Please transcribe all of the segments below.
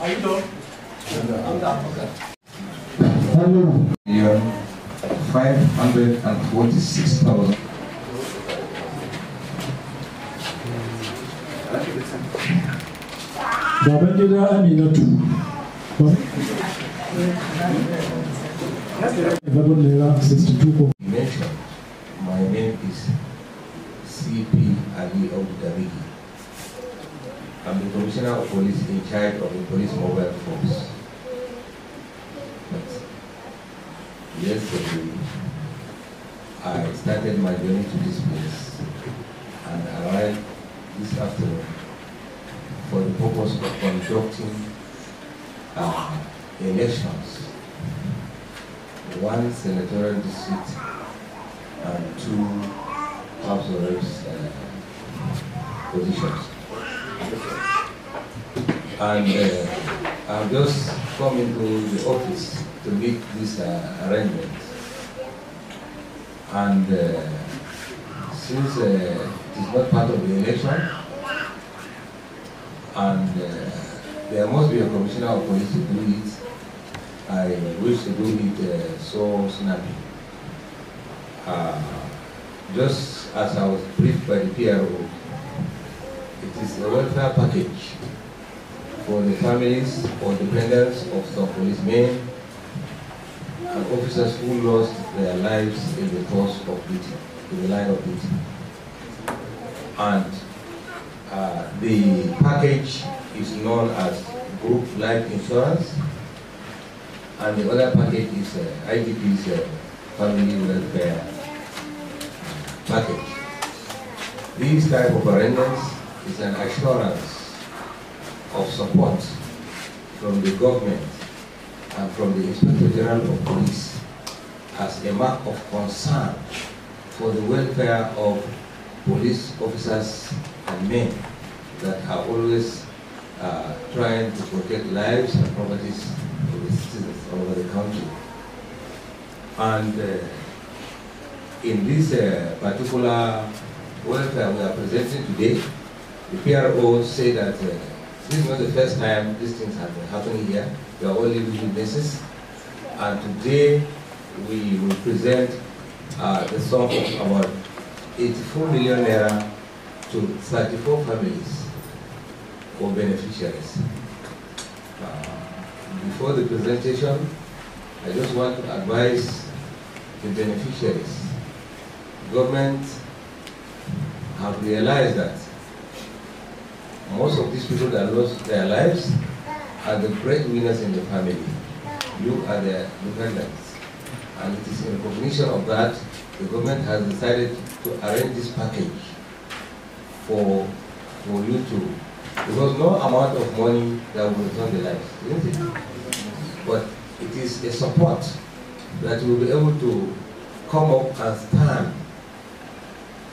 I don't. I'm the advocate. Year 546,000. Babangida Aminatu. My name is C.P. Ali I'm the Commissioner of Police in charge of the Police Mobile Force. But yesterday, I started my journey to this place and arrived this afternoon for the purpose of conducting uh, elections. One senatorial district and two House of Reps uh, positions. And uh, I've just come into the office to make this uh, arrangement. And uh, since uh, it is not part of the election, and uh, there must be a commissioner of police to do it, I wish to do it uh, so snappy. just as I was briefed by the PRO, the welfare package for the families or dependents of some policemen and officers who lost their lives in the course of duty, in the line of duty. And uh, the package is known as group life insurance, and the other package is uh, IDP's uh, family welfare package. These type of arrangements is an assurance of support from the government and from the Inspector General of Police as a mark of concern for the welfare of police officers and men that are always uh, trying to protect lives and properties of the citizens all over the country. And uh, in this uh, particular welfare we are presenting today, PRO say that uh, this is not the first time these things have been happening here. We are only places. And today we will present uh, the sum of about 84 million naira to 34 families or beneficiaries. Uh, before the presentation, I just want to advise the beneficiaries. The government have realized that most of these people that lost their lives are the great winners in the family. You are their dependents. And it is in recognition of that, the government has decided to arrange this package for, for you to, because no amount of money that will return the lives, isn't it? But it is a support that will be able to come up and stand.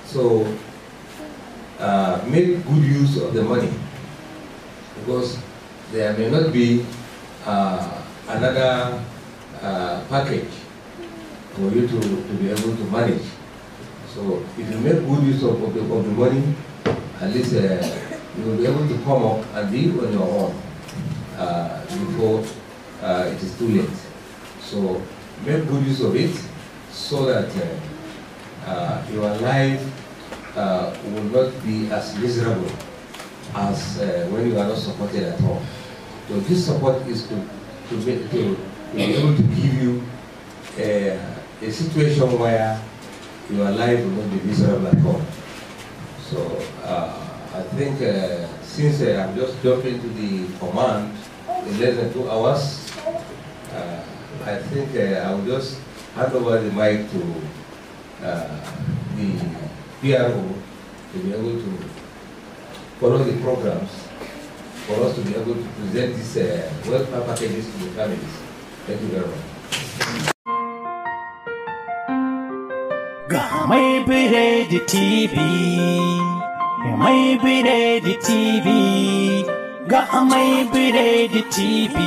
So uh, make good use of the money because there may not be uh, another uh, package for you to, to be able to manage. So if you make good use of, of, the, of the money, at least uh, you will be able to come up and live on your own uh, before uh, it is too late. So make good use of it so that your life uh, will not be as miserable as uh, when you are not supported at all. So this support is to, to, to, be able to give you a, uh, a situation where your life will not be miserable at all. So uh, I think uh, since uh, I'm just jumping to the command in less than two hours, I think I will just hand over the mic to the PRO to be able to follow the programs for us to be able to present these uh, welfare packages to the families. Thank you very much. TV, mai biredi TV, ga mai biredi TV,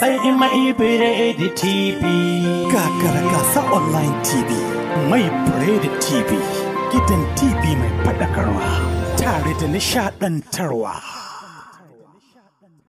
sai mai biredi TV. Kakara gasa online TV, mai biredi TV, gidan TV mai faɗakarwa, tare da nishaɗantarwa.